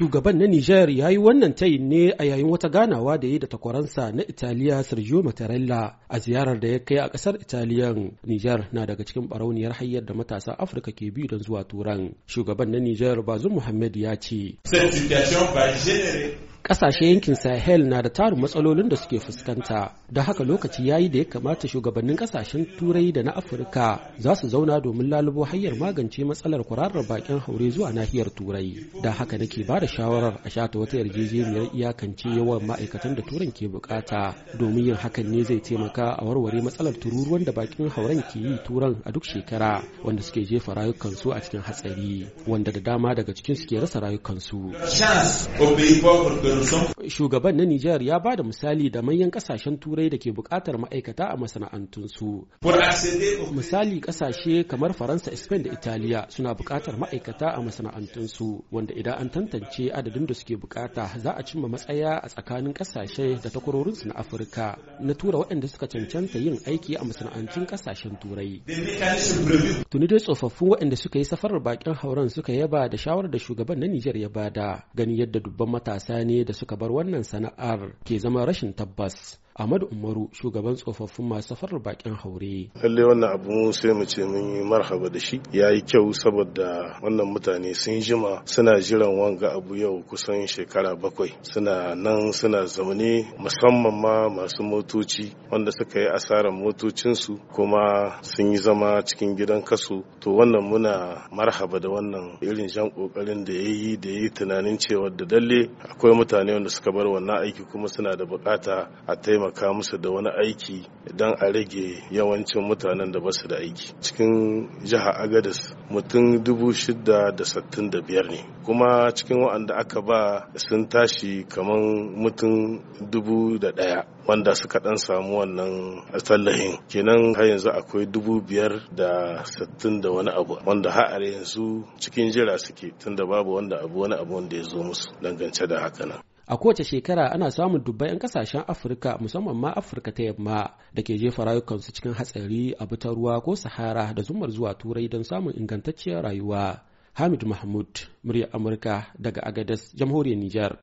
Shugaban na Nijar ya yi wannan tayin ne a yayin wata ganawa da ya yi da takwaransa na Italiya Sergio Mattarella a ziyarar da ya kai a ƙasar italiya Nijar na daga cikin barauniyar hayyar da matasa Afirka ke biyu don zuwa Turan. Shugaban na Nijar Bazum Muhammad ya ce. Ƙasashe yankin Sahel na da tarin matsalolin da suke fuskanta, da haka lokaci yayi da ya kamata shugabannin ƙasashen Turai da na Afirka za su zauna domin lalubo hanyar magance matsalar kwararra bakin haure zuwa nahiyar Turai. Da haka nake ba da shawarar a shata wata yarjejeniyar iyakance yawan ma'aikatan da Turan ke bukata, domin yin hakan ne zai taimaka a warware matsalar tururuwan da bakin hauren ke yi Turan a duk shekara, wanda suke jefa rayukansu a cikin hatsari, wanda da dama daga cikin suke rasa rayukansu. Shugaban na Nijar ya ba da misali da manyan kasashen turai da ke bukatar ma'aikata a masana'antunsu. Misali kasashe kamar Faransa, Spain da Italiya suna bukatar ma'aikata a masana'antunsu wanda idan an tantance adadin da suke bukata za a cimma matsaya a tsakanin kasashe da takwarorinsu na Afirka na tura waɗanda suka cancanta yin aiki a masana'antun kasashen turai. Tuni dai tsofaffin waɗanda suka yi safarar bakin hauren suka yaba da shawarar da shugaban na Nijar ya bada gani yadda dubban matasa ne da suka bar wannan sana'ar ke zama rashin tabbas Ahmadu Umaru shugaban tsofaffin masu farar bakin haure. Lalle wannan abu sai mu ce mun yi marhaba da shi ya yi kyau saboda wannan mutane sun jima suna jiran wanga abu yau kusan shekara bakwai suna nan suna zaune musamman ma masu motoci wanda suka yi asarar motocinsu kuma sun yi zama cikin gidan kasu to wannan muna marhaba da wannan irin jan kokarin da ya yi da ya tunanin cewa da dalle akwai mutane wanda suka bar wannan aiki kuma suna da bukata a taimaka taimaka musu da wani aiki don a rage yawancin mutanen da basu da aiki cikin jiha agadis mutum dubu biyar ne kuma cikin waɗanda aka ba sun tashi kamar mutum dubu da ɗaya wanda suka ɗan samu wannan tallahin kenan har yanzu akwai dubu biyar da sittin da wani abu wanda har yanzu cikin jira suke tunda babu wanda abu wani abu wanda ya zo musu dangance da haka nan A kowace shekara ana samun dubbai 'yan kasashen Afirka musamman ma Afirka ta yamma da ke jefa rayukansu cikin hatsari a ta ruwa ko Sahara da zumar zuwa Turai don samun ingantacciyar rayuwa. Hamid Mahmud, murya Amurka daga agadas jamhuriyar Nijar.